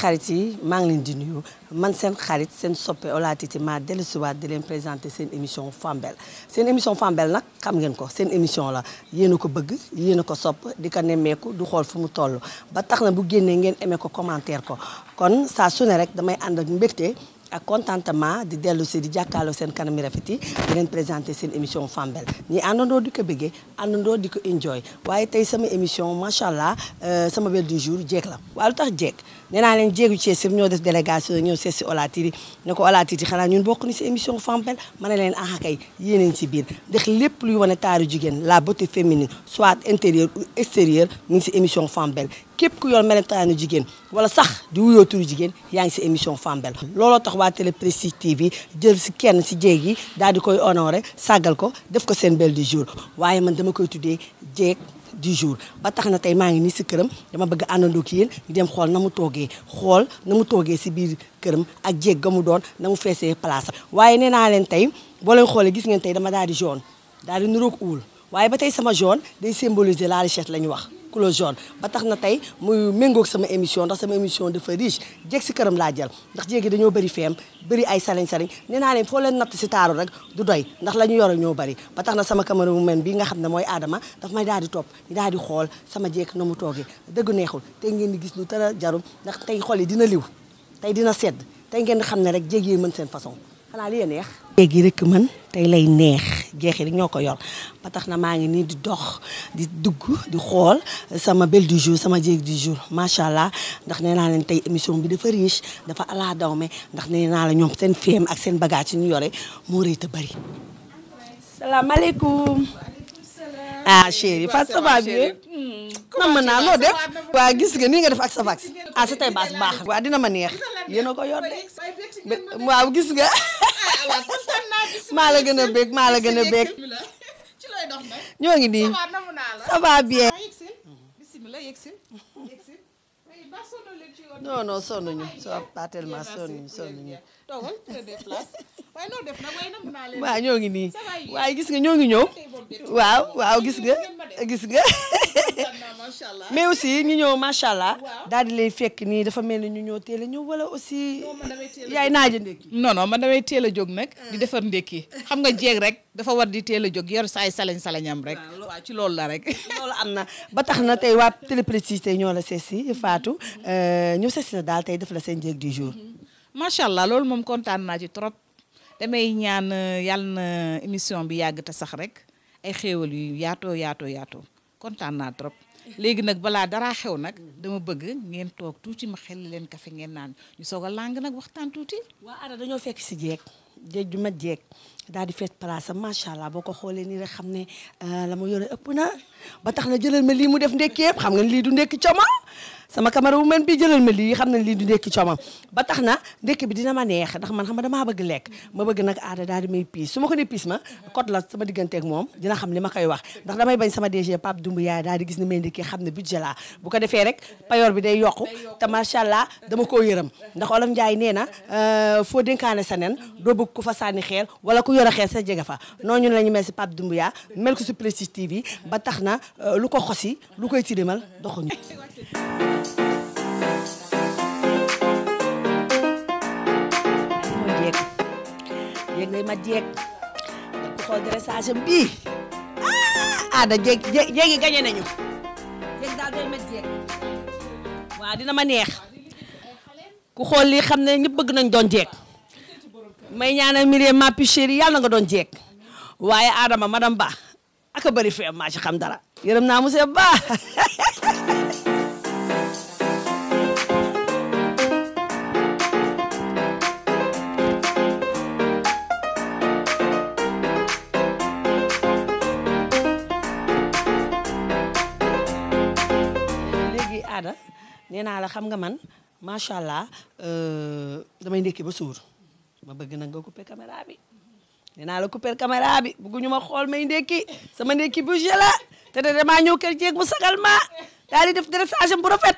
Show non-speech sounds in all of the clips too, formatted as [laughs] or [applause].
xarit yi maa ngi leen di nuyu man seen xarit seen soppe ma Titi maa dellusiwaat di leen présenter seen émission Fambel seen émission Fambel nag xam ngeen ko seen émission la yéen a ko bëgg yéen a ko sopp di ko nemmeeku du xool fu mu toll ba tax na bu génnee ngeen aimé ko commentaire ko kon saa su ne rek damay ànd ak mbégte ak contentement di dellu si di jàkkaarloo seen kanam yu rafet yi di leen présenter seen émission Fambel Ni àndandoo di ko bëggee àndandoo di ko enjoy waaye tey sama émission macha allah euh, sama belle du jour jeeg la waaye lu tax jeeg nee naa leen jéegu Thiès ñoo def délégation ñëw seet si Ola Titi ne ko Ola Titi xanaa ñun bokk ni si émission Fampel ma ne leen ah kay yéen ci biir ndax lépp luy wane taaru jigéen la beauté féminine soit intérieur ou extérieur ñu ngi si émission Fampel képp ku yor melentaan jigéen wala sax di wuyoo jigéen yaa ngi si émission Femme Belle looloo tax waa Télé Prestige TV jël si kenn si jéeg yi daal di koy honoré sàggal ko def ko seen belle du jour waaye man dama koy tuddee jéeg di jour ba tax na tey maa ngi nii si këram dama bëgg àndandoo ki yéen ñu dem xool na mu toogee xool na mu toogee si biir këram ak jéeg ga mu doon na mu feesee place waaye nee naa leen tey boo leen xoolee gis ngeen tey dama daal di jaune daal di niroog uul waaye ba tey sama jaune day symboliser la richesse la ñu wax couleur jaune ba tax na tey muy méngoog sama émission ndax sama émission dafa riche jeeg si këram laa jël ndax jéegi dañoo bëri feem bëri ay salañ-salañ nee naa leen foo leen natt si taaru rek du doy ndax la ñu yoro ñoo bari ba tax na sama caméra mu men bi nga xam ne mooy aadama daf may daal di topp ñu daal di xool sama jeeg na mu toogee dëgg neexul tey ngeen di gis lu tara jarum ndax tey xol yi dina liw tey dina sedd tey ngeen xam ne rek jéeg yi mën seen façon xanaa li neex. léegi rek man tey lay neex jeexi rek ñoo ko yor ba tax na maa ngi nii di dox di dugg di xool sama belle du jour sama jeeg du jour macha allah ndax nee naa leen tey émission bi dafa riche dafa alaa daw me ndax nee naa la ñoom seen feem ak seen bagage yi ñu yore moo rëy te bari. salaamaaleykum. ah chéri Fatou ça va bien nam ma def waa gis nga nii nga def ak sa vax ah sa tey baas baax waa dina ma neex yéen a ko yor de waaw gis nga ah, ah, maa la gën a bég maa la gën a bég [laughs] ñoo ngi nii ça va bien non non sonnuñu so pas tellement toogal prenez place waaye ngi nii waaye gis nga ñoo ngi ñëw waaw waaw gis nga gis nga mais aussi ñu ñëw macha allah daal di lay fekk nii dafa mel ni ñu ñëw teel a ñëw wala aussi yaay naaja ndékki non non man damay teel a jóg nag di ah. defar ndékki xam nga jeeg rek dafa war di teel a jóg yor saay salañ salañam rek ci loolu la rek [laughs] loolu am na ba tax na tey waa téléprestige ñoo la sees si faatu mm-hmm. euh, ñëw sees na daal tey def la seen jeeg di jour mm-hmm. macha allah loolu moom kontaan naa ci trop damay ñaan euh, yàlla na émission bi yàgg te sax rek ay xéewal yu yaatoo yaatoo yaato kontaan naa trop. léegi nag balaa dara xew nag dama bëgg ngeen toog tuuti ma xel leen kafe ngeen naan ñu soog a làng nag waxtaan tuuti. waa Ada dañoo fekk si jeeg jeeg ju ma jeeg daal di fees place am macha allah boo ko xoolee nii rek xam ne euh, la ma yore ëpp na ba tax na jëlal ma lii mu def ndekki yëpp xam nga lii du ndekki coma sama caméra bu mel bi jëlal ma lii xam nañ lii du ndekki coomam ba tax na ndekki bi dina ma neex ndax man xam nga damaa bëgg lekk ma bëgg nag aada daal di may piis su ma ko ne piis ma code la sama digganteeg moom dina xam li ma koy wax ndax damay bañ sama DG Pape Doumbouya daal di gis ne may ndekki xam ne budget la bu ko defee rek payoor bi day yokk te macha allah dama koo yërëm ndax Olof Njaay nee na euh, foo dénkaane sa nen doo bëgg ko fa sànni xeer wala ku yore xeer sa jege fa noonu la ñu mel si Pape Doumbouya mel ko si Prestige TV ba tax na euh, lu ko xosi lu koy tilimal doxuñu [laughs] léegi lima jek aku kau jadi dressage bi ah, ada jek jek jek yang kaya nanyu jek dah lima jek Wah di mana ma neex eh. ku xool lii xam ne ñëpp don jek doon jeeg may mapi Myriam ma chérie yàlla na nga doon jeeg waaye Adama madame Ba aka bëri fee maa ci xam dara yërëm naa [laughs] aada nee naa la xam nga man macha allah euh, damay ndékki ba suur ma bëgg nag nga couper caméra bi nee naa la couper caméra bi bëgguñu ma xool may ndékki sama ndékki bu la te de damaa ñëw kër jéeg mu sagal ma daal def dressage bu rafet.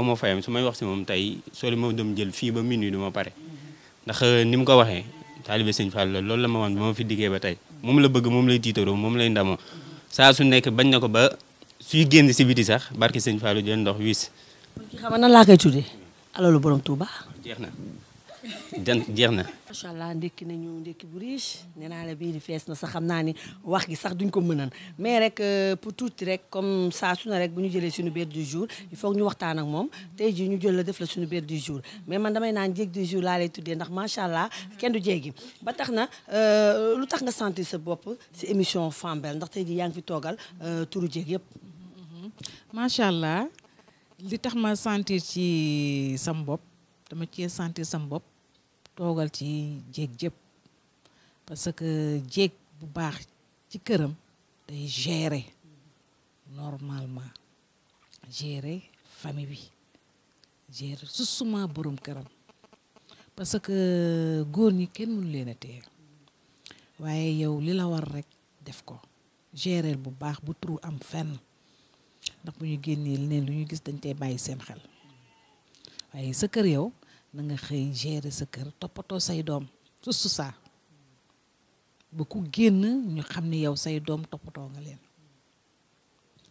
aw ma fayam su may wax si moom tey soo ma dem jël fii ba minuit du ma pare ndax euh, ni mu ko waxee taalibe sëñ la loolu la ma wan ba ma fi diggee ba tey moom la bëgg moom lay tiitaroo moom lay ndamoo saa su nekk ba na ko ba suy génn si biti sax barke sëñ Fallou jël ndox wiis. kon ki xam na laa koy tuddee alalu borom Touba. den jeex na. macha allah ndékki nañu ndékki bu riche nee naa la bii di fees na sax xam naa ni wax gi sax duñ ko mënan mais rek euh, pour tuuti rek comme saa su ne rek bu ñu jëlee suñu biir du jour il faut ñu waxtaan ak moom tey jii ñu jël la def la suñu biir di jour mais man damay naan jéeg du jour laa lay tuddee ndax macha allah kenn du jéegi ba tax na euh, lu tax nga sentir sa bopp si émission fembel ndax tey ji yaa ngi fi toogal euh, turu jéeg yëpp. macha mm-hmm. allah li tax ma sentir ci sam bopp. dama cee sentir sam bopp toogal ci jéeg jëpp parce que jéeg bu baax ci këram day gérer normalement gérer famille bi gérer susuma borom këram parce que góor ñi kenn mënu leen a téye waaye yow li la war rek def ko gérer bu baax bu turu am fenn ndax bu ñu génnee leen lu ñu gis dañ tey bàyyi seen xel waaye sa kër yow na nga xëy gérer sa kër toppatoo say doom sustu saa ba ku génn ñu xam ne yow say doom toppatoo nga leen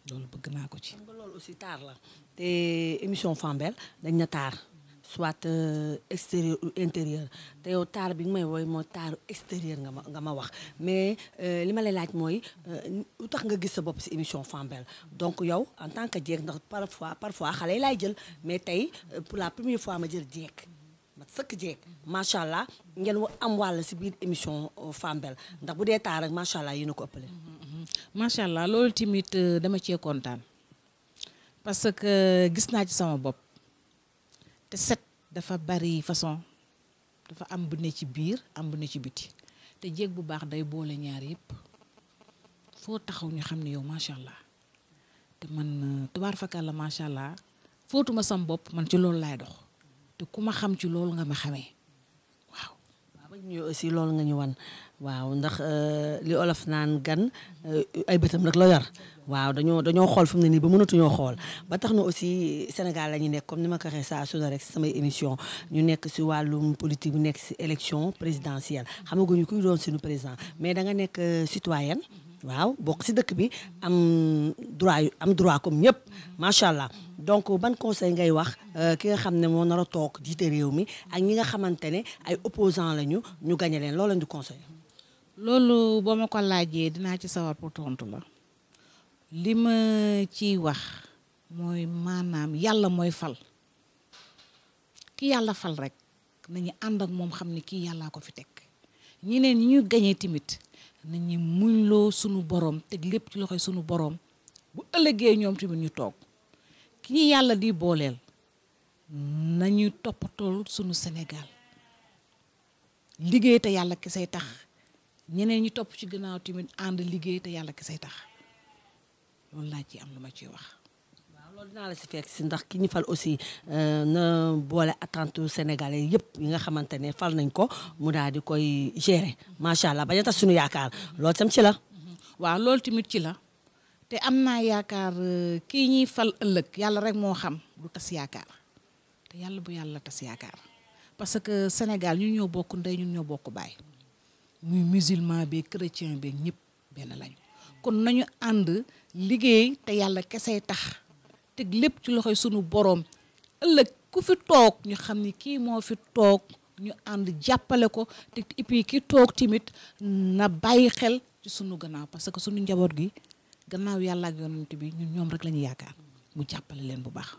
loolu bëgg naa ko ci. loolu aussi taar la te émission Fambel dañ na taar. soit euh, extérieur ou intérieur te yow taar bi ngi may wooy moo extérieur nga ma nga ma wax mais euh, ma lay laaj moy euh, tax nga gis sa bop ci émission fambel donc yow en tant que djek ndax parfois parfois xalé lay laay jël mais tay euh, pour la première fois ma jël djek ma sëkk djek machallah allah ngeen am wàll ci biir émission euh, fambel ndax bu dee taar rek macha allah yéen a ko ëppale. Mm-hmm, mm-hmm. macha allah loolu dama ci content, parce que gis na ci sama bop te set dafa bari façon dafa am bu ne ci biir am bu ne ci biti te jéeg bu baax day boole ñaar yëpp foo taxaw ñu xam ne yow macha allah te man tubaar fakal la macha allah footuma sam bopp man ci loolu laay dox te ku ma xam ci loolu nga ma xamee waaw. waaw ba ñu aussi loolu nga ñu waaw ndax euh, li olof naan gan euh, ay bëtam nag la yor waaw dañoo dañoo xool fu mu ne aussi Sénégal la nekk comme ni émission politique élection présidentielle xamaguñu mais da nga nekk euh, citoyenne waaw dëkk bi am droit am comme donc ban conseil ngay wax ki nga xam ne moo mi ak conseil loolu boo ma ko laajee dinaa ci sawar pour tontu la li ma ciy wax mooy maanaam yàlla mooy fal ki yàlla fal rek nañu ànd ak moom xam ne kii yàllaa ko fi teg ñeneen ñi ñu gañee tamit nañu muñloo sunu borom te lépp ci loxoy sunu borom bu ëllëgee ñoom tamit ñu toog ki ñu yàlla di booleel nañu toppatool sunu Sénégal liggéey te yàlla kesey tax ñeneen ñi topp ci gannaaw tamit ànd liggéey te yàlla ki tax loolu laa ci am lu ma ciy wax. waaw loolu dinaa la si fekk si ndax ki ñu fal aussi euh, na boole attente sénégalais yëpp yi nga xamante ne fal nañ ko mu daal di koy gérer macha allah bañ a tas suñu yaakaar loolu tam ci la. waaw loolu tamit ci la te am naa yaakaar euh, kii ñi fal ëllëg yàlla rek moo xam du tas yaakaar te yàlla bu yàlla tas yaakaar parce que Sénégal ñun ñoo bokk ndey ñun ñoo bokk baay. muy musulman bi chrétien bi ñëpp benn lañu kon nañu ànd liggéey te yàlla kese tax teg lépp ci loxo sunu boroom ëllëg ku fi toog ñu xam ni kii moo fi toog ñu ànd jàppale ko te et puis ki toog timit na bàyyi xel ci sunu gannaaw parce que sunu njaboot gi gannaaw yàlla ak yonent bi ñun ñoom rek la ñu yaakaar mu jàppale leen bu baax.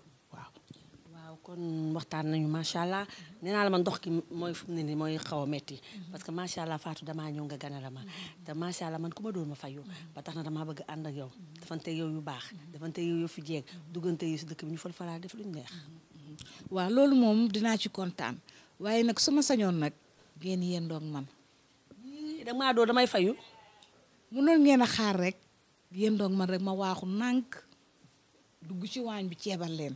kon waxtaan nañu macha allah nee naa la man ndox ki mooy fu ne nii mooy xaw a metti parce que macha allah Fatou damaa ñëw nga gane la ma te macha allah man ku ma doon ma fayu ba tax na damaa bëgg ànd ak yow dafante yow yu baax dafante yow yu fi jeeg duggante yi si dëkk bi ñu fal falaa def lu ñu neex. waaw loolu moom dinaa ci kontaan waaye nag suma ma sañoon nag ngeen yendoo ak man. damaa doo damay fayu. munoon ngeen a xaar rek yendoo ak man rek ma waaxu nànk dugg ci bi ceebal leen.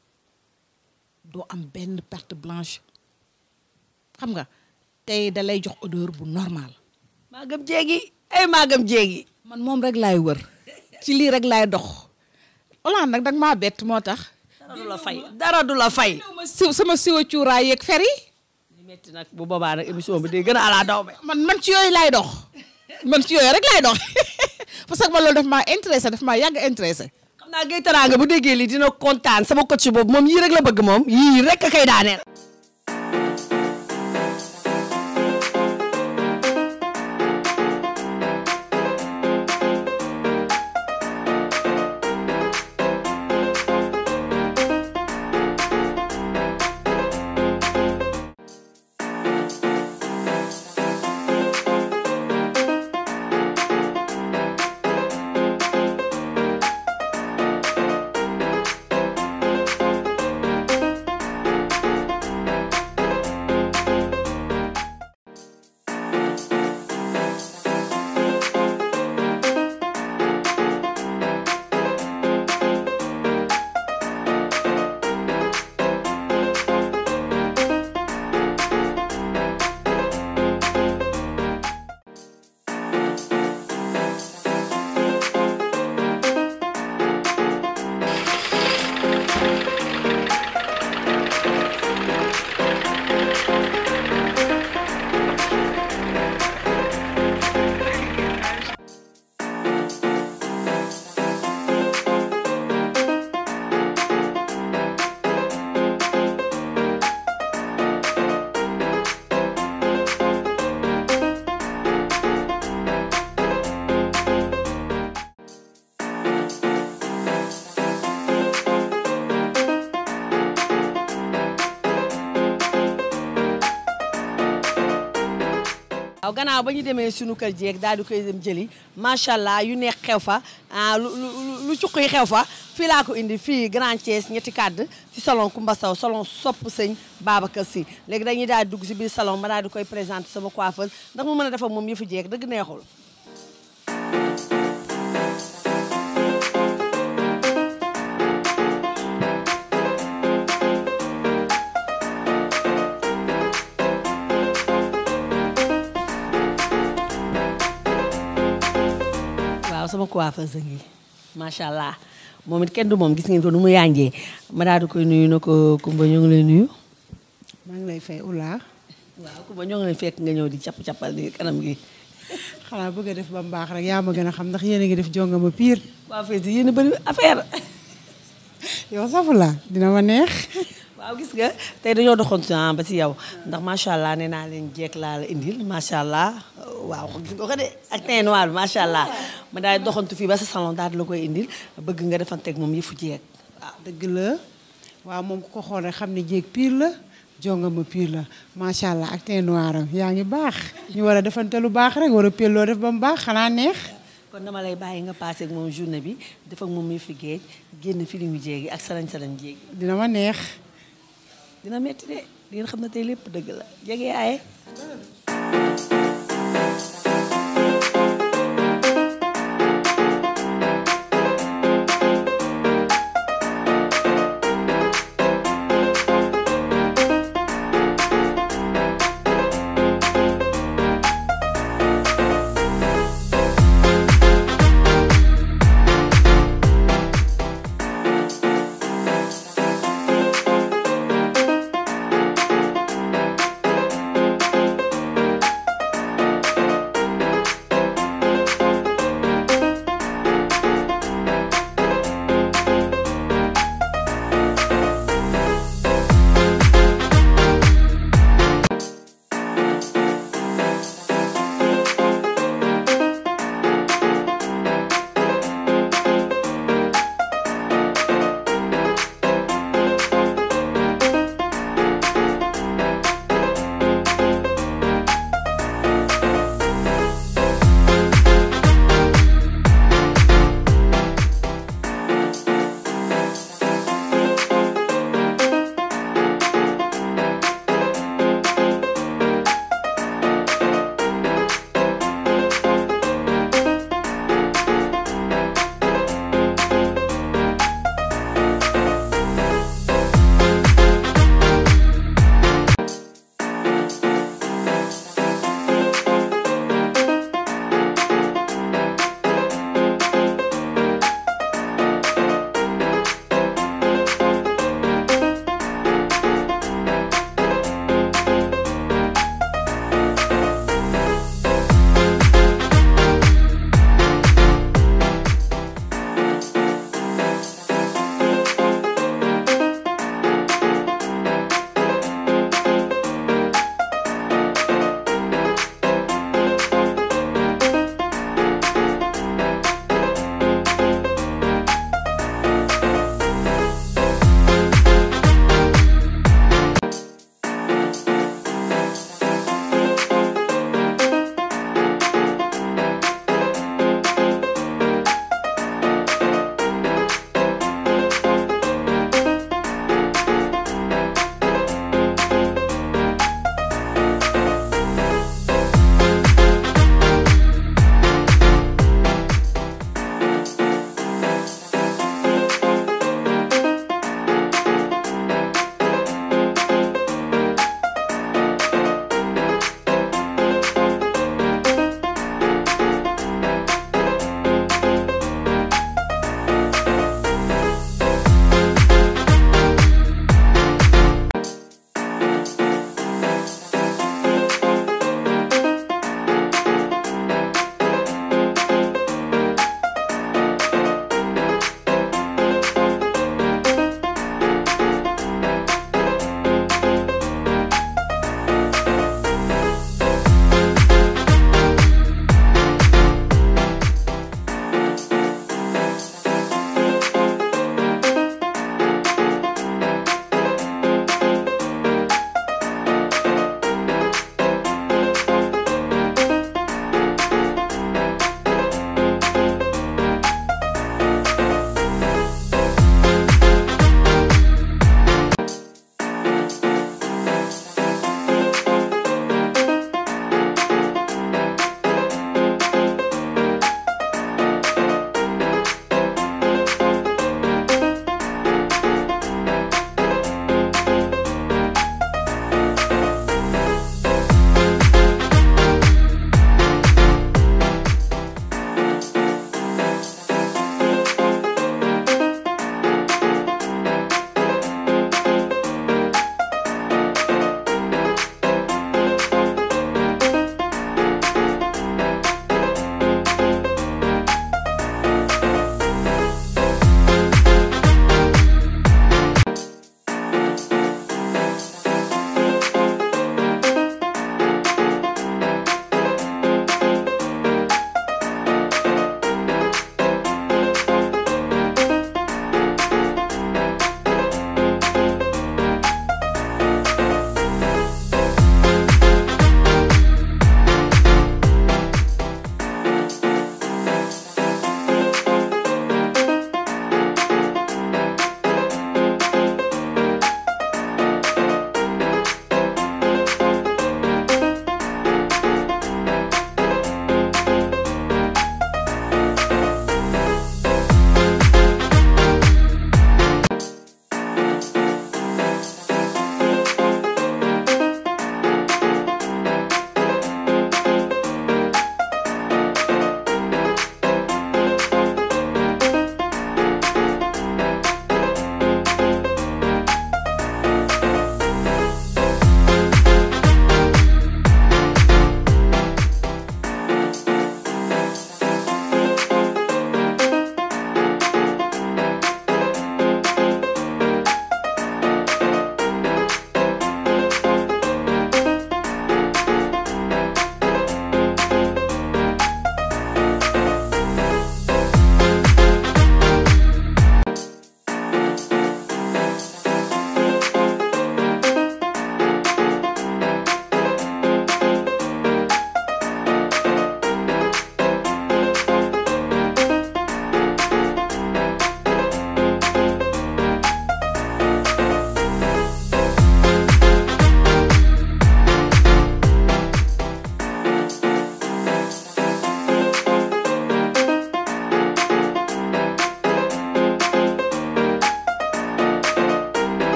doo am benn perte blanche xam nga tey dalay jox odeur bu normal. maagam jéegi ay maagam jéegi. man moom rek laay wër ci lii rek laay dox. Hollande nag danga maa bett moo tax. dara du la fay dara du la fay. sama siwa cuuraay yeeg fer yi. li metti bu boobaa nag émission bi day a ala daw man man ci yooyu laay dox man ci yooyu rek laay dox [laughs] parce que man loolu daf maa intéressé daf maa yàgg intéressé. naa Gueye Taraanga bu déggee lii dina kontaan sama coach boobu moom yii rek la bëgg moom yii rek a kay daaneel. waaw gannaaw ba ñu demee sunu kër jeeg daal di koy dem jëli macha allah yu neex xew fa ah, lu lu cuq yi xew fa fii laa ko indi fii Grand Thiès ñetti kàdd ci salon Koumba Sow salon sopp sëñ Babacar Sy léegi dañuy daal dugg si biir salon ma daal di koy présenté sama coiffeur ndax mu mën a defar moom yëfu jeeg dëgg neexul sama coiffeuse ngi macha allah moom it kenn du moom gis ngeen ko nu mu yànjee ma daal di koy nuyu na ko Kumba ñoo ngi lay nuyu. maa ngi lay fay Oula. waaw Kumba ñoo ngi fekk nga ñëw di capp cappal di kanam gi. xanaa bëgg a def ba mu baax rek yaa ma gën a xam ndax yéen ngi def jonga ma pire. waa fay yéen a bëri affaire. yow safula dina ma neex. waaw gis nga tey dañoo doxoon si ah, ba si yow ndax macha allah nee naa leen jeeg laa la indil macha allah waaw gis nga ko de ak teint noir bi macha allah ma daal doxantu fii ba sa salon daal la koy indil bëgg nga defanteeg moom yëfu jeeg ah, dëgg la waaw moom ku ko xool xam ne jeeg pire la jongama pire la macha ak teint noir yaa ngi baax ñu war a defante lu baax rek war a pire loo mu baax xanaa neex. kon dama lay bàyyi nga passé ak moom journée bi def ak moom génn fi li mu jéegi ak salañ salañ jéegi. dina ma neex. dina metti de di xam na tey lépp dëgg la jege aaye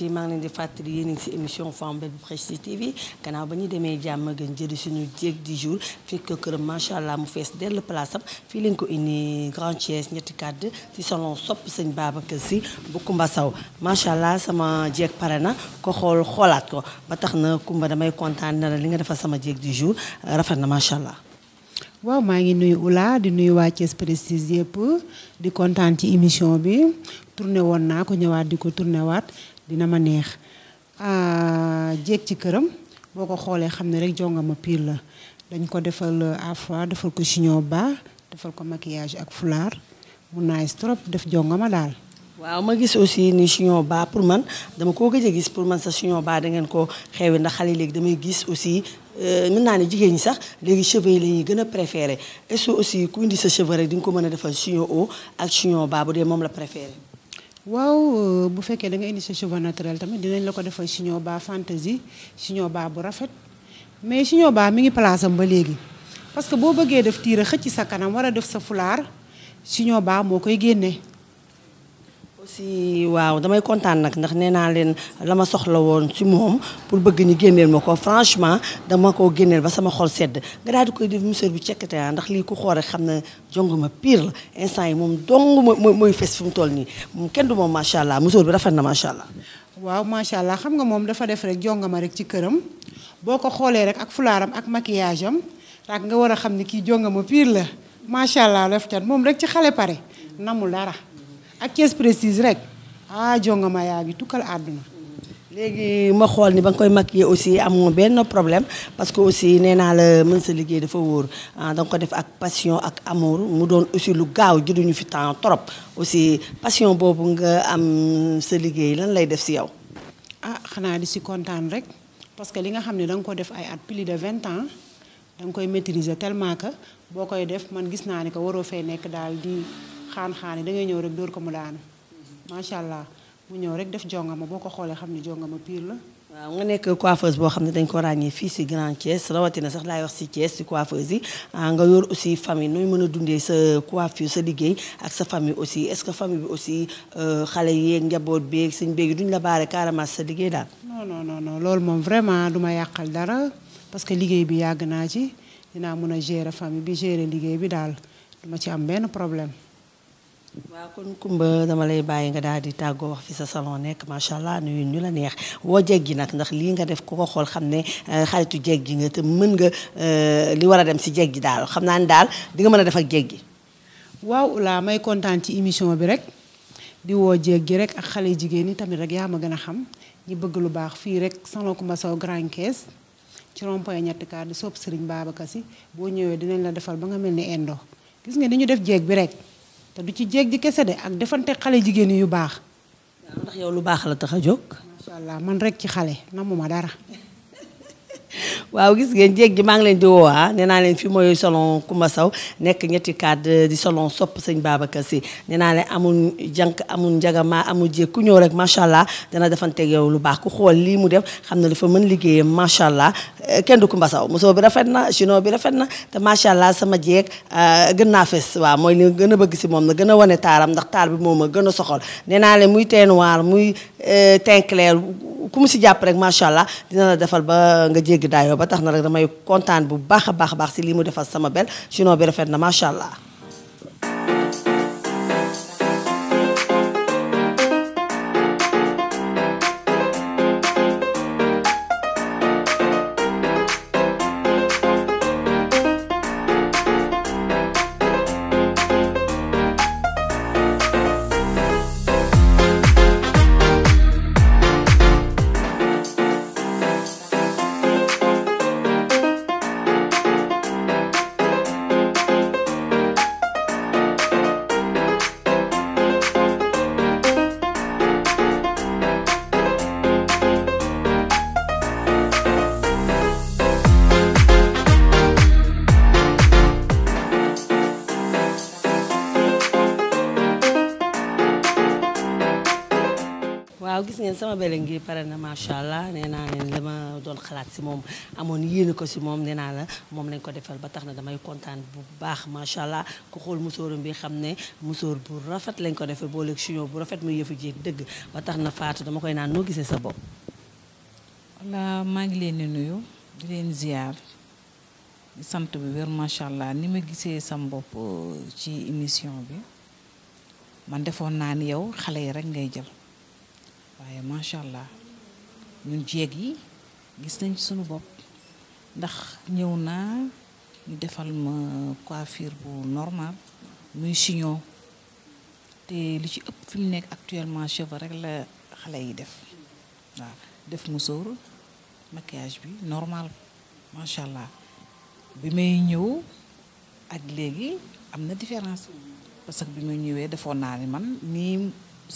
ci maa ngi leen di fàttali yéen si émission Femme Belle bu Prestige TV gannaaw ba ñu demee jàmm gën jëri suñu jéeg di jour fi ko këram macha allah mu fees dell place am fii lañ ko indi Grand Thiès ñetti kàdd si salon sopp sëñ Babacar si bu Kumba Saw macha allah sama jéeg pare na ko xool xoolaat ko ba tax na Kumba damay kontaan na la li nga defal sama jéeg di jour rafet na macha allah. waaw maa ngi nuyu Oula di nuyu waa Thiès Prestige yëpp di kontaan ci émission bi tourné woon naa ko ñëwaat di ko tourné waat. dina ma neex ah, jéeg ci këram boo ko xoolee xam ne rek jongama piir la dañ ko defal euh, à fois defal ko chignon bas defal ko maquillage ak mun naa nice trop def jongama daal waaw ma gis aussi ni chignon bas pour man dama koo gëj a gis pour man sa chignon bas dangeen ko xewi ndax xale léegi damay gis aussi euh, mën naa ne jigéen ñi sax léegi cheveux yi la ñuy gën a préféré est aussi ku indi sa cheveux rek di nga ko mën a defal chignon o ak chignon bas bu dee moom la préféré waaw euh, bu fekkee da nga indi sa cheveux naturel tamit dinañ la ko defal chignon bas fantasy chignon bas bu rafet mais chignon bas mi ngi place am ba léegi parce que boo bëggee def tiire xëcc sa kanam war a def sa fulaar chignon bas moo koy génnee merci waaw damay kontaan nag ndax nee naa leen la ma soxla woon si moom pour bëgg ñu génneel ma ko franchement dama koo génneel ba sama xol sedd nga daal di def monsieur bi cekkate ndax lii ku xoore xam jonguma pire la instant yi moom dong mooy mooy fes fi mu toll nii moom du moom macha monsieur bi rafet na macha waaw macha xam nga moom dafa def rek jongama rek ci këram boo ko rek ak fulaaram ak maquillage am rak nga war a xam jongama pire la macha allah def rek ci xale pare namul dara. ak Thiès Prestige rek ah jongama yaa ngi tukkal àdduna. léegi ma xool ni ba nga koy maquiller aussi amoo benn problème parce que aussi nee naa la mën sa liggéey dafa wóor ah da ko def ak passion ak amour mu doon aussi lu gaaw jëluñu fi temps trop aussi passion boobu nga am sa liggéey lan lay def si yow. ah xanaa di si kontaan rek parce que li nga xam ne da nga ko def ay at plus de vingt ans danga koy maîtriser tellement que boo koy def man gis naa ne que waroo fee nekk daal di. xaan-xaan yi da ngay ñëw rek dóor ko mu daanu macha allah mu ñëw rek def jongama boo ko xoolee xam ne jongama pire la. waaw nga nekk coiffeuse boo xam ne dañ ko ràññee fii si Grand Thiès rawatina sax laay wax si Thiès si coiffeuse yi ah, nga yor aussi famille nuy mën a dundee sa coiffure sa liggéey ak sa famille aussi est-ce que famille bi aussi euh, xale yeeg njaboot beeg sëñ beeg duñ la baare carrément sa liggéey daal. non non non non loolu moom vraiment du ma yàqal dara parce que liggéey bi yàgg naa ci dinaa mën a gérer famille bi gérer liggéey bi daal duma ci am benn problème. waaw kon Kumba dama lay bàyyi nga daal di tàggoo wax fi sa salon nekk macha allah nuyu ñu la neex woo jéggi nag ndax lii nga def ku ko xool xam eh, xaritu jéggi nga te mën nga eh, li war dem si jeggi daal xam naa di nga mën def ak jéggi. waaw laa may kontaan ci émission bi rek di woo jéggi rek ak xale jigéen ragi tamit rek ham, ma gën a xam ñi bëgg lu baax fii rek salon Kumba Sow Grand Caisse ci rond-point ñetti kaar di sopp Serigne Babacar Sy boo ñëwee dinañ la defal ba nga mel ni gis nga ni def jéeg bi rek. te du ci jéeg ji kese de ak defante xale jigéen yu baax. ndax yow lu baax la tax a jóg. macha allah man rek ci xale namuma dara. [laughs] waaw gis ngeen jéeg gi maa ngi leen di woo ah nee leen fi mooy salon Coumba Sow nekk ñetti cadre di salon sopp sañ Babacar Sy nee naa leen amul jànk amul njagama amul jéeg ku ñëw rek macha allah dana defanteeg yow lu baax ku xool lii mu def xam ne dafa mën liggéeyam macha allah eh, kenn du Coumba Sow bi rafet na chino bi rafet na te macha allah sama jéeg eh, gën naa fes waa mooy li gën a bëgg si moom na gën a wane taaram ndax taar bi moom a gën a soxol nee naa Euh, teint clair ku mu si jàpp rek macha allah dina la defal ba nga jéggi daayoo ba tax na rek damay kontaan bu baax a baax a baax si lii mu defal sama bel sinon bi rafet na macha allah. waaw gis ngeen sama bele ngi pare na macha allah nee naa leen dama doon xalaat si moom amoon yéene ko si moom nee naa la moom lañ ko defal ba tax na damay kontaan bu baax macha allah ku xool musóoram bi xam ne musóor bu rafet lañ ko defee booleeg chignon bu rafet muy yëfu jéeg dëgg ba tax na faatu dama koy naan noo gisee sa bopp. wala maa ngi leen di nuyu di leen sant bu wér macha allah ni ma gisee sam bopp ci émission bi man defoon naa ni yow xale yi rek ngay jël. waaye macha allah ñun jéeg yi gis nañ ci sunu bopp ndax ñëw naa ñu defal ma coiffure bu normal muy chignon te li ci ëpp fi mu nekk actuellement cheveux rek la xale yi def waaw def musóor maquillage bi normal macha allah bi may ñëw ak léegi am na différence parce que bi may ñëwee defoon naa ni man nii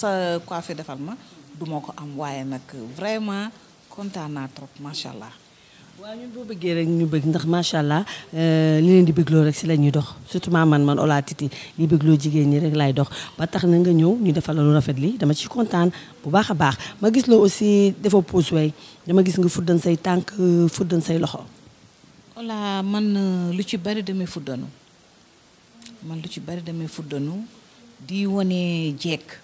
sa coiffure defal ma duma ko am waaye nag vraiment kontaan naa trop macha allah. waaye ñun boo bëggee rek ñu bëgg ndax macha allah euh, li leen di bëggloo rek si la ñuy dox surtout maa man man Ola Titi li bëggloo jigéen ñi rek laay dox ba tax na nga ñëw ñu defal la rafet li dama ci kontaan bu baax a baax ma gis loo aussi dafa pose dama gis nga fuddan say tànk euh, fuddan say loxo. Ola man lu ci bari damay fuddanu man lu ci bari damay fuddanu di wone jekk.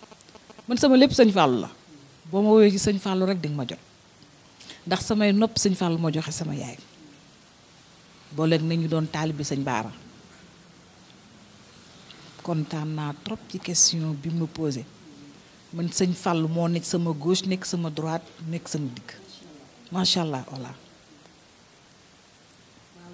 man sama lépp sëñ Fallou la boo ma woowee ci sëñ Fallou rek di nga ma jot ndax samay nopp sëñ Fallou ma joxe sama yaay booleeg nañu doon taalib sañ sëñ Baara kontaan naa trop ci question bi mu posé man sëñ Fallou moo nekk sama gauche nekk sama droite nekk sama digg macha allah.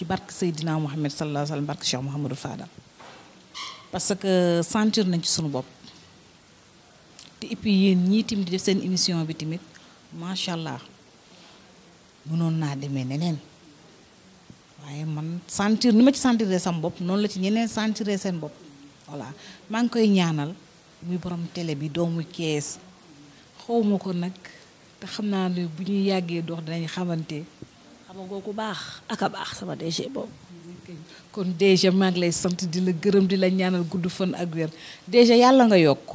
ci barke Seydina Mouhamed sallallahu alayhi wa sallam barke Cheikh Mouhamadou Fadal parce que sentir nañ ci suñu bopp te et puis yéen ñii tamit di def seen émission bi tamit macha allah mënoon naa demee neneen waaye man sentir ni ma ci sentiree sam bopp noonu la ci ñeneen sentiree seen bopp voilà maa ngi koy ñaanal muy borom télé bi doomu kees xaw ma ko nag te xam naa ne bu ñuy yàggee dox dinañ xamante. xam nga kooku baax aka baax sama DG boobu. kon DG maa ngi lay sant di la gërëm di la ñaanal gudd fan ak wér DG yàlla nga yokk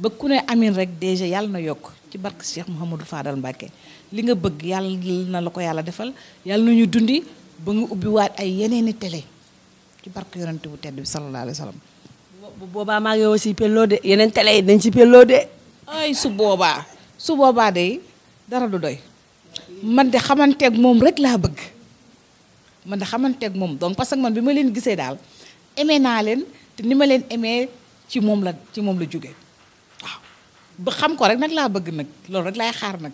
ba ku ne amin rek DG yàlla na yokk ci barke Cheikh Mouhamadou Fadal Mbacke li nga bëgg yàlla na la ko yàlla defal yàlla na ñu dundi ba nga ubbiwaat ay yeneeni télé ci barke yonante bu tedd bi sallallahu alayhi wa boobaa maa ngi yow aussi pelloo de yeneen télé yi dañ ci pelloo de. ay su boobaa su boobaa de dara du doy. man de xamanteeg moom rek laa bëgg man de xamanteeg moom donc parce que man bi ma leen gisee daal aimé naa leen te ni ma leen aimé ci moom la ci moom la jóge waaw ba xam ko rek nag laa bëgg nag loolu rek laay xaar nag.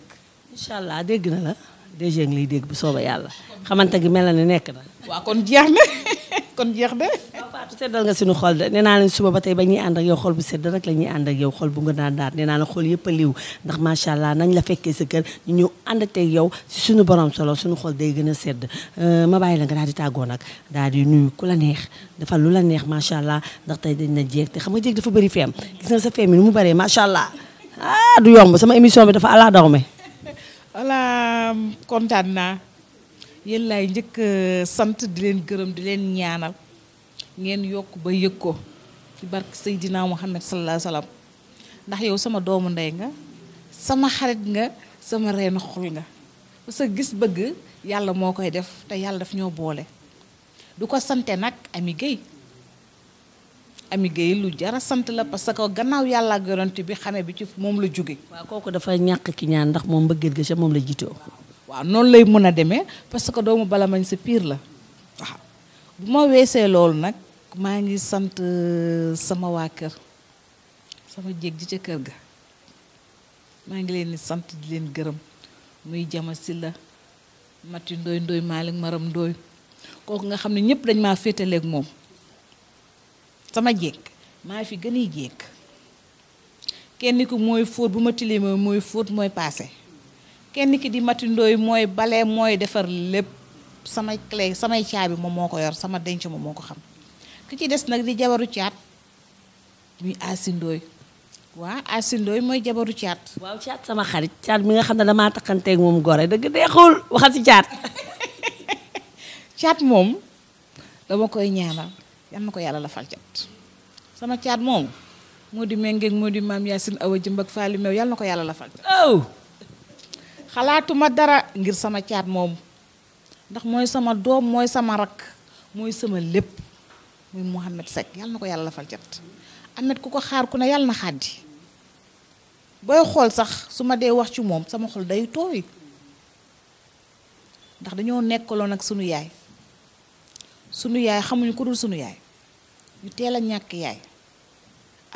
incha allah dégg na la DG ngi liy dégg bu soobee yàlla xamante gi mel na nekk na. waaw kon jeex na. kon jeex de. seddal nga suñu xol de nee naa leen suba ba tey ba ñuy ànd ak yow xol bu sedd rek la ñuy ànd ak yow xol bu nga daan daal nee naa la xol yëpp a liw ndax macha allah nañ la fekkee sa kër ñu ñëw àndateeg yow si suñu borom solo suñu xol day gën a sedd euh, ma bàyyi la nga daal di tàggoo nag daal di nuyu ku la neex dafa lu la neex macha allah ndax tey dañ na jeex te xam nga jeeg dafa bëri feem gis nga sa feem yi nu mu bëree macha allah ah du yomb sama émission bi dafa ala dawme. voilà kontaan naa. yéen laay njëkk euh, sant di leen gërëm di leen ñaanal ngeen yokk ba yëg ko ci barke Seydina Muhammad sallallahu alayhi wasallam ndax yow sama doomu ndey nga sama xarit nga sama reen xol nga parce que gis bëgg yàlla moo koy def te yàlla daf ñoo boole du ko sante nag Ami Gueye Ami Gueye lu jara sant la parce que gannaaw yàlla ak yonent bi xame bi ci moom la jóge waaw kooku dafa ñàkk ki ñaan ndax moom mbëggeel ga ca moom la jiitoo waaw noonu lay mën a demee parce que doomu bala mañ si pire la waaw bu ma weesee loolu nag maa ngi sant euh, sama waa kër sama jéeg ji ca kër ga maa ngi leen di sant di leen gërëm muy jama si la mati ndooy ndooy Malick Maram ndooy kooku nga xam ne ñëpp dañ maa féetaleeg moom sama jéeg maa fi gën a jéeg kenn ku mooy fóot bu ma tilimee mooy fóot mooy paase kenn ki di matindooy mooy bale mooy defar lépp samay clé samay caabi moom moo ko yor sama denc moom moo ko xam ki ci des nag di jabaru caat muy asindooy waa mooy jabaru caat waaw sama xarit caat mi nga xam ne damaa takkanteeg moom gore dëgg deexul waxal si caat [laughs] caat moom dama koy ñaanal yal na ko yàlla la fal cat sama caat moom moo di méngeeg moo di maam Yacine Awa Jëmb ak Faali yal na ko yàlla la fal xalaatuma dara ngir sama caat moom ndax mooy sama doom mooy sama rakk mooy sama lépp muy Mouhamed Seck yàlla na ko yàlla lafal cat amet ku ko xaar ku ne yàlla na xàddi booy xool sax su ma dee wax ci moom sama xol day tooy ndax dañoo nekkaloon ak sunu yaay sunu yaay xamuñu ko dul sunu yaay ñu teel a ñàkk yaay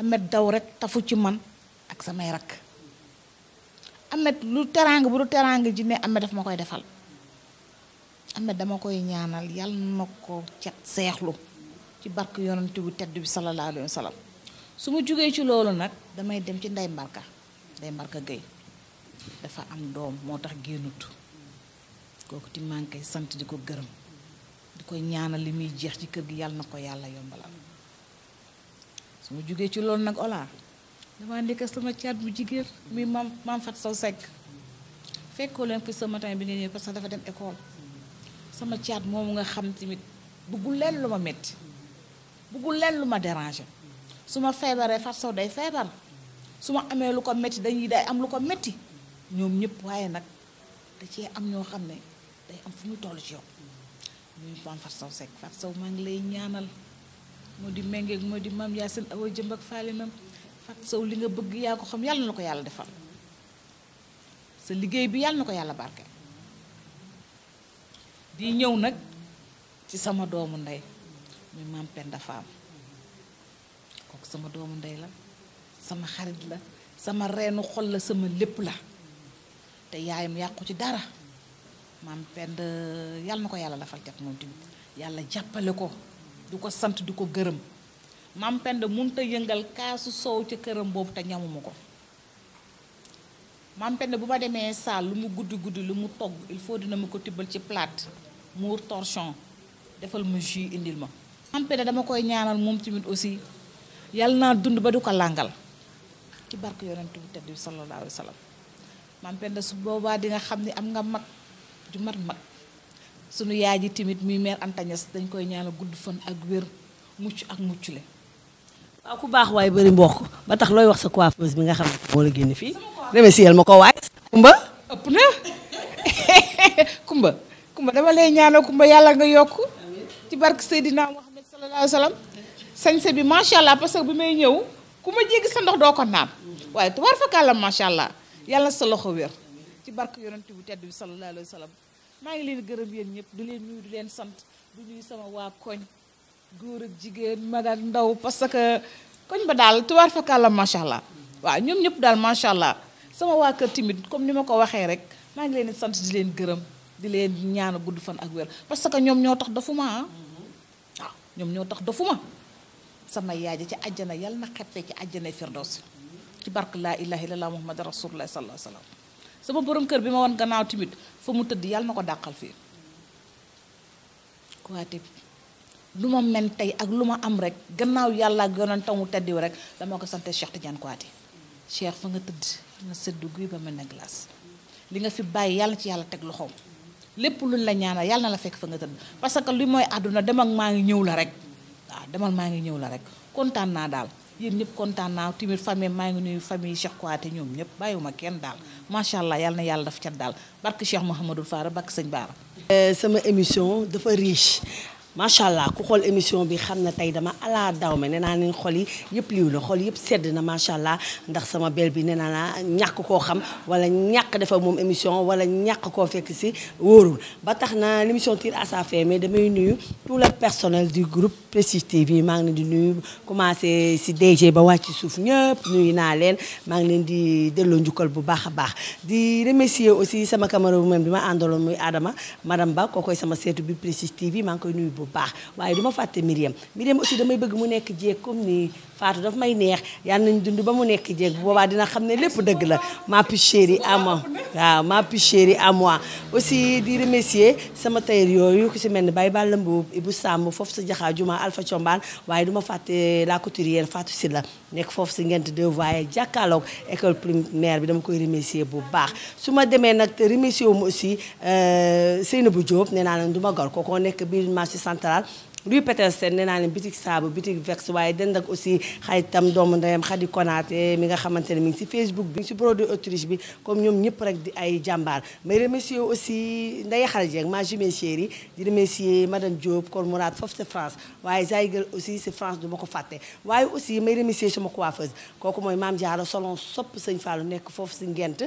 amet daw rek tafu ci man ak samay rakk Ameth lu teraanga bu du teraanga ji ne Ameth daf ma koy defal Ameth dama koy ñaanal yal na ko cet seexlu ci barke yonent bu tedd bi sallallahu alayhi wa su ma jógee ci loolu nag damay dem ci Ndey Mbarka Ndey Mbarka Gueye dafa am doom moo tax génnut kooku ti maa ngi koy sant di ko gërëm di koy ñaanal li muy jeex ci kër gi yàlla na ko yàlla yombalal su ma jógee ci loolu nag Ola dama nekk sama caat bu jigéen muy maam maam Fat Sow Seck fekkoo leen fi ce matin bi nga ñëw parce que dafa dem école sama caat moomu nga xam tamit bëggul leen lu ma métti bëggul lu ma déranger su ma feebaree Fat Sow day feebar su ma amee lu ko metti dañuy day am lu ko métti ñoom ñëpp waaye nag da cee am ñoo xam ne day am fu ñu toll ci yow muy maam Fat Sow Seck Fat Sow maa ngi lay ñaanal moo di méngeeg moo di maam Yacine Awa jëmb ak faale Fatou Sow li nga bëgg yaa ko xam yàlla na ko yàlla defal sa liggéey bi yàlla na ko yàlla barke di ñëw nag ci sama doomu ndey muy maam Penda Faam kooku sama doomu ndey la sama xarit la sama reenu xol la sama lépp la te yaayam yàqu ci dara maam Penda yàlla na ko yàlla defal cat moom tamit yàlla jàppale ko du ko sant du ko gërëm mam pend mënut a yëngal kaasu soow ca këram boobu te ñamuma ko mam bu ma demee saal lu mu guddi guddi lu mu togg il faut dina ma ko tibbal ci plate muur torchon defal ma jus indil ma mam dama koy ñaanal moom tamit aussi yàlla naa dund ba du ko làngal ci barke yonent bu tedd bi sallallahu alayhi wa su boobaa di nga xam ni am nga mag ju mat mag sunu yaay ji tamit muy mère Anta dañ koy ñaanal gudd fan ak wér mucc ak mucc le waaw ku baax waaye bëri mbokk ba tax looy wax sa coiffeuse bi nga xam ne moo la génn fii remercier ma ko waay kumba ëpp na [laughs] kumba kumba dama lay ñaanal kumba yàlla nga yokk ci barke Seydina Muhammad sallallahu alayhi wa sallam sañse bi macha allah parce que bi may ñëw ku ma jéggi sa ndox doo ko naan waaye tubaar fakàlla macha allah yàlla sa loxo wér ci barke yonent bu tedd bi sallallahu alayhi wa sallam waa koñ góor ak jigéen mag ak ndaw parce que koñ ba daal tubaar fakàlla macha allah waaw ñoom ñëpp daal macha allah sama waa kër timit comme ni ma ko waxee rek maa ngi leen di sant di leen gërëm di leen ñaan gudd fan ak wér parce que ñoom ñoo tax dafuma ah ñoom ñoo tax dafuma sama yaay ja ci àjjana yal na xeppee ci àjjana firdawsi ci barke laa ilaha illallah muhammad rasulullah sallallahu alayhi wasallam sama borom kër bi ma woon gannaaw timit fa mu tëdd yàlla na ko dàqal fii kuwaate lu ma mel tey ak lu ma am rek gannaaw yàlla ak yonentam wu tedd wi rek dama ko sante Cheikh Tidiane Kouaté Cheikh fa nga tëdd nga sedd guy ba mel na glace li nga fi bàyyi yàlla ci yàlla teg loxoom lépp luñ la ñaanal yàlla la fekk fa nga tëdd parce que li mooy àdduna demal ak maa ngi ñëw la rek waaw demal maa ngi ñëw la rek kontaan naa daal yéen ñëpp kontaan naa tamit famille maa ngi nuyu famille Cheikh Kouaté ñoom ñëpp bàyyiwuma kenn daal macha allah yàlla na yàlla daf daal barke Cheikh Mouhamadul Faara barke sëñ Baara. Eh, sama macha allah ku xool émission bi xamna tay dama ala daw me nee naa leen xol yi yëpp liw na xol yëpp sedd na macha ndax sama bel bi nena na ñak ko xam wala ñak dafa mom émission wala ñak ko fekk ci worul ba taxna l'émission tire à sa fin mais damay nuyu tout le personnel du groupe Prestige TV maa ngi di nuyu commencé ci DG ba wàcc souf ñëpp nuyu na len maa ngi leen di delo njukkal bu baax a baax di remercier aussi sama camarade bu même bi ma muy Adama madame Ba koy sama setu bi Prestige TV maa ngi koy nuyu baax waaye du ma fàtte Myriam Myriam aussi damay bëgg mu nekk jéeg comme ni Fatou dafa may neex yal nañ dund ba mu nekk jéeg boobaa dina xam ne lépp dëgg la ma plus chérie à moi waaw ma plus chérie à moi aussi di remercier sama tailleur yooyu ku si mel ni Baye Balla Mbuub Ibou Samb foofu sa jaxaa juma Alpha Thiombane waaye du ma fàtte la couturière si Sylla nekk foofu si ngent de voye jàkkaarloog école primaire bi dama koy remercier bu baax su ma demee nag te remercier wu ma aussi euh, Seynabou Diop nee naa leen du ma gor kookoo nekk biir marché central Rue Petersen nee naa ne bitik saabu bitik vex waaye dend ak aussi xaritam doomu ndeyam Khady Konaté mi nga xamante ne mi ngi si Facebook bi si produit autriche bi comme ñoom ñëpp rek di ay jàmbaar may remercier aussi Ndeye Khady Dieng ma jumelle chérie di remercier madame Diop Kor Mourad foofu si France waaye Zaïgel aussi si France du ma ko fàtte waaye aussi may remercier sama coiffeuse kooku mooy Mame Diarra Salon sopp sëñ Fallou nekk foofu si Ngent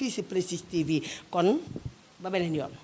fii si Prestige TV kon ba beneen yoon.